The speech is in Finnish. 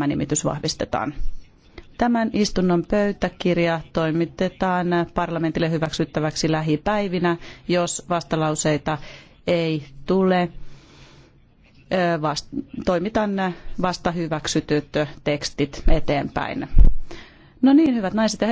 tämä nimitys vahvistetaan. Tämän istunnon pöytäkirja toimitetaan parlamentille hyväksyttäväksi lähipäivinä, jos vastalauseita ei tule. Vast, toimitan vasta hyväksytyt tekstit eteenpäin. No niin, hyvät naiset ja herrat.